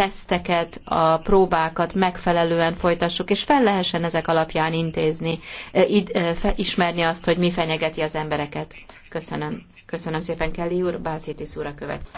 teszteket, a próbákat megfelelően folytassuk, és fel lehessen ezek alapján intézni, ismerni azt, hogy mi fenyegeti az embereket. Köszönöm. Köszönöm szépen, Kelly úr. Bászítis úr a követ.